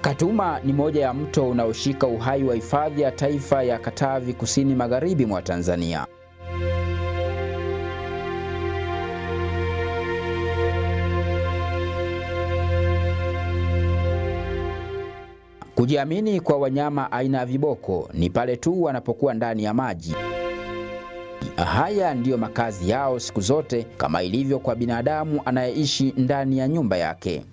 Katuma ni moja ya mto unaoshika uhai wa hifadhi ya taifa ya Katavi kusini magharibi mwa Tanzania. Kujiamini kwa wanyama aina ya viboko ni pale tu wanapokuwa ndani ya maji. Haya ndiyo makazi yao siku zote, kama ilivyo kwa binadamu anayeishi ndani ya nyumba yake.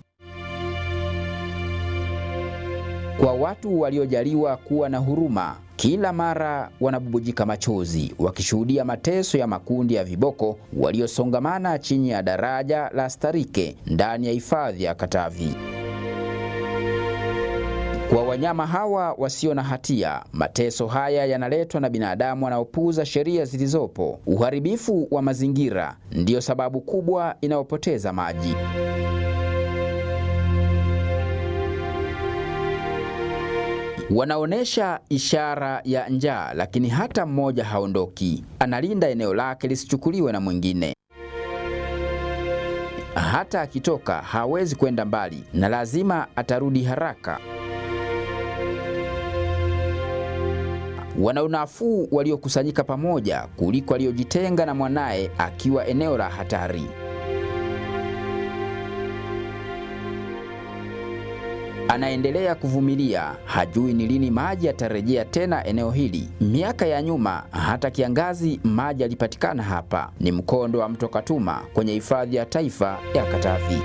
Kwa watu waliojaliwa kuwa na huruma, kila mara wanabubujika machozi wakishuhudia mateso ya makundi ya viboko waliosongamana chini ya daraja la Starike ndani ya hifadhi ya Katavi. Kwa wanyama hawa wasio na hatia, mateso haya yanaletwa na binadamu wanaopuuza sheria zilizopo. Uharibifu wa mazingira ndiyo sababu kubwa inayopoteza maji. Wanaonesha ishara ya njaa, lakini hata mmoja haondoki. Analinda eneo lake lisichukuliwe na mwingine. Hata akitoka hawezi kwenda mbali na lazima atarudi haraka. Wana unafuu waliokusanyika pamoja kuliko aliyojitenga na mwanaye akiwa eneo la hatari. Anaendelea kuvumilia, hajui ni lini maji yatarejea tena eneo hili. Miaka ya nyuma, hata kiangazi maji yalipatikana hapa. Ni mkondo wa mto Katuma kwenye hifadhi ya taifa ya Katavi.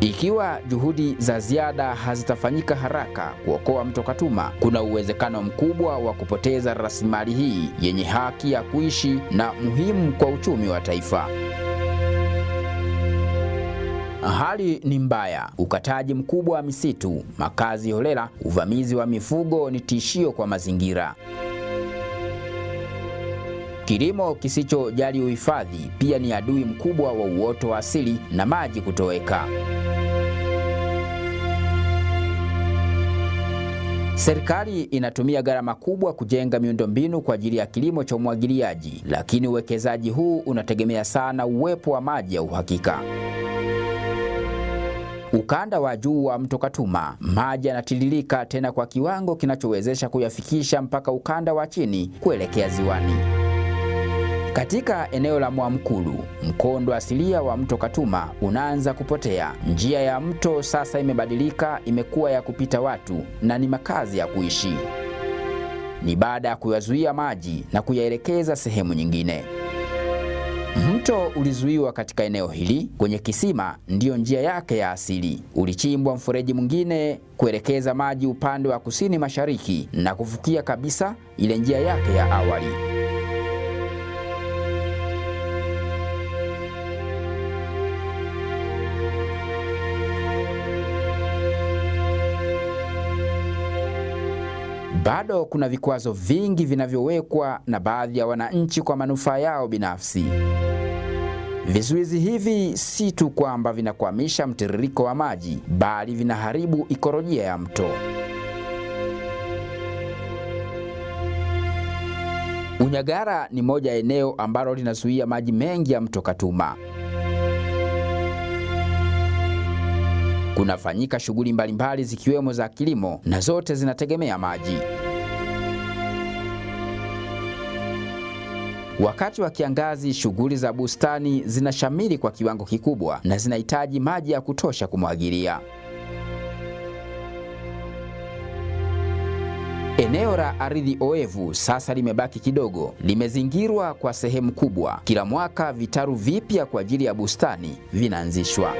Ikiwa juhudi za ziada hazitafanyika haraka kuokoa mto Katuma, kuna uwezekano mkubwa wa kupoteza rasilimali hii yenye haki ya kuishi na muhimu kwa uchumi wa taifa. Hali ni mbaya, ukataji mkubwa wa misitu, makazi holela, uvamizi wa mifugo ni tishio kwa mazingira. Kilimo kisichojali uhifadhi pia ni adui mkubwa wa uoto wa asili na maji kutoweka. Serikali inatumia gharama kubwa kujenga miundombinu kwa ajili ya kilimo cha umwagiliaji, lakini uwekezaji huu unategemea sana uwepo wa maji ya uhakika. Ukanda wa juu wa mto Katuma maji yanatiririka tena kwa kiwango kinachowezesha kuyafikisha mpaka ukanda wa chini kuelekea ziwani. Katika eneo la Mwamkulu, mkondo asilia wa mto Katuma unaanza kupotea. Njia ya mto sasa imebadilika, imekuwa ya kupita watu na ni makazi ya kuishi. Ni baada ya kuyazuia maji na kuyaelekeza sehemu nyingine. Mto ulizuiwa katika eneo hili, kwenye kisima ndiyo njia yake ya asili. Ulichimbwa mfereji mwingine kuelekeza maji upande wa kusini mashariki na kufukia kabisa ile njia yake ya awali. Bado kuna vikwazo vingi vinavyowekwa na baadhi ya wananchi kwa manufaa yao binafsi. Vizuizi hivi si tu kwamba vinakwamisha mtiririko wa maji, bali vinaharibu ikolojia ya mto. Unyagara ni moja eneo ambalo linazuia maji mengi ya mto Katuma. Kunafanyika shughuli mbalimbali zikiwemo za kilimo na zote zinategemea maji. Wakati wa kiangazi, shughuli za bustani zinashamiri kwa kiwango kikubwa na zinahitaji maji ya kutosha kumwagilia. Eneo la ardhi oevu sasa limebaki kidogo, limezingirwa kwa sehemu kubwa. Kila mwaka vitaru vipya kwa ajili ya bustani vinaanzishwa.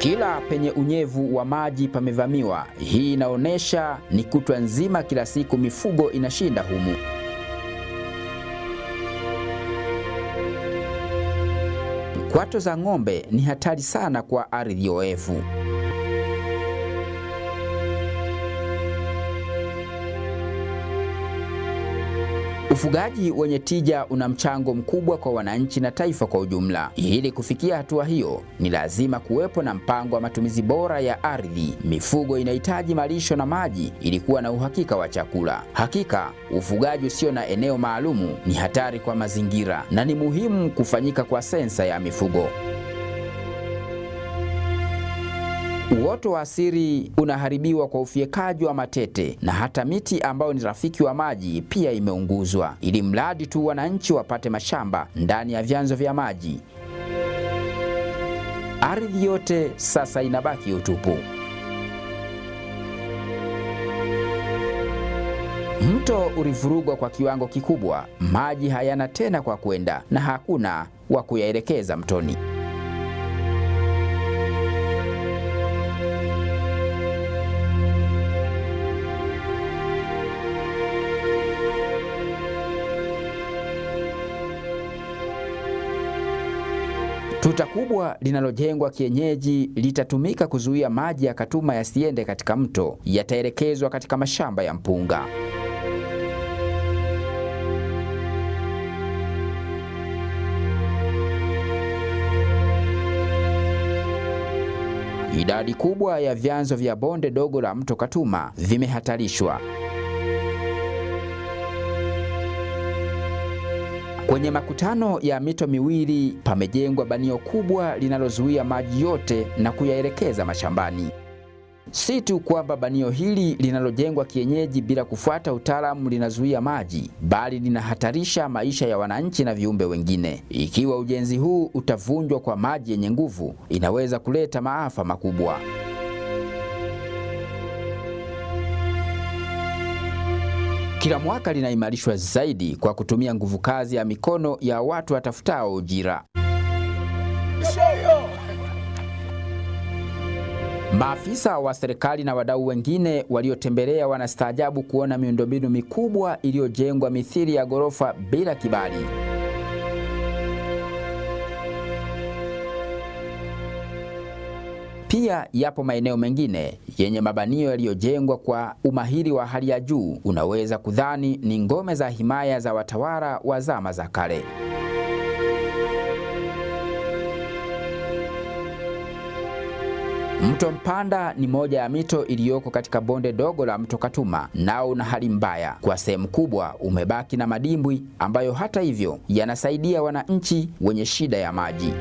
Kila penye unyevu wa maji pamevamiwa. Hii inaonyesha ni kutwa nzima, kila siku mifugo inashinda humu. Kwato za ng'ombe ni hatari sana kwa ardhi oevu. Ufugaji wenye tija una mchango mkubwa kwa wananchi na taifa kwa ujumla. Ili kufikia hatua hiyo, ni lazima kuwepo na mpango wa matumizi bora ya ardhi. Mifugo inahitaji malisho na maji ili kuwa na uhakika wa chakula. Hakika, ufugaji usio na eneo maalumu ni hatari kwa mazingira na ni muhimu kufanyika kwa sensa ya mifugo. Uoto wa asili unaharibiwa kwa ufyekaji wa matete na hata miti ambayo ni rafiki wa maji pia imeunguzwa, ili mradi tu wananchi wapate mashamba ndani ya vyanzo vya maji. Ardhi yote sasa inabaki utupu. Mto ulivurugwa kwa kiwango kikubwa, maji hayana tena kwa kwenda na hakuna wa kuyaelekeza mtoni. Tuta kubwa linalojengwa kienyeji litatumika kuzuia maji ya Katuma yasiende katika mto, yataelekezwa katika mashamba ya mpunga. Idadi kubwa ya vyanzo vya bonde dogo la mto Katuma vimehatarishwa. Kwenye makutano ya mito miwili pamejengwa banio kubwa linalozuia maji yote na kuyaelekeza mashambani. Si tu kwamba banio hili linalojengwa kienyeji bila kufuata utaalamu linazuia maji, bali linahatarisha maisha ya wananchi na viumbe wengine. Ikiwa ujenzi huu utavunjwa kwa maji yenye nguvu, inaweza kuleta maafa makubwa. kila mwaka linaimarishwa zaidi kwa kutumia nguvu kazi ya mikono ya watu watafutao ujira. Maafisa wa serikali na wadau wengine waliotembelea wanastaajabu kuona miundombinu mikubwa iliyojengwa mithili ya ghorofa bila kibali. Pia yapo maeneo mengine yenye mabanio yaliyojengwa kwa umahiri wa hali ya juu, unaweza kudhani ni ngome za himaya za watawala wa zama za kale. Mto Mpanda ni moja ya mito iliyoko katika bonde dogo la mto Katuma, nao una hali mbaya. Kwa sehemu kubwa umebaki na madimbwi ambayo hata hivyo yanasaidia wananchi wenye shida ya maji.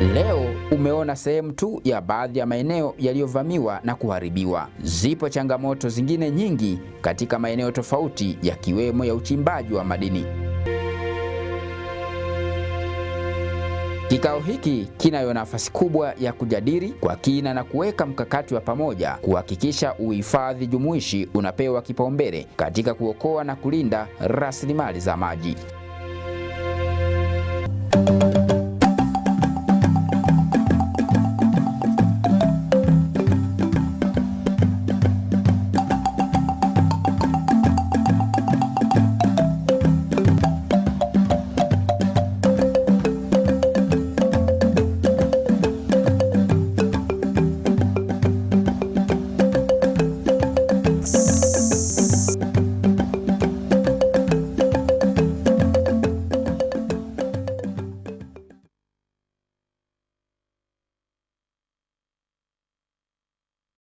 Leo umeona sehemu tu ya baadhi ya maeneo yaliyovamiwa na kuharibiwa. Zipo changamoto zingine nyingi katika maeneo tofauti yakiwemo ya uchimbaji wa madini. Kikao hiki kinayo nafasi kubwa ya kujadili kwa kina na kuweka mkakati wa pamoja kuhakikisha uhifadhi jumuishi unapewa kipaumbele katika kuokoa na kulinda rasilimali za maji.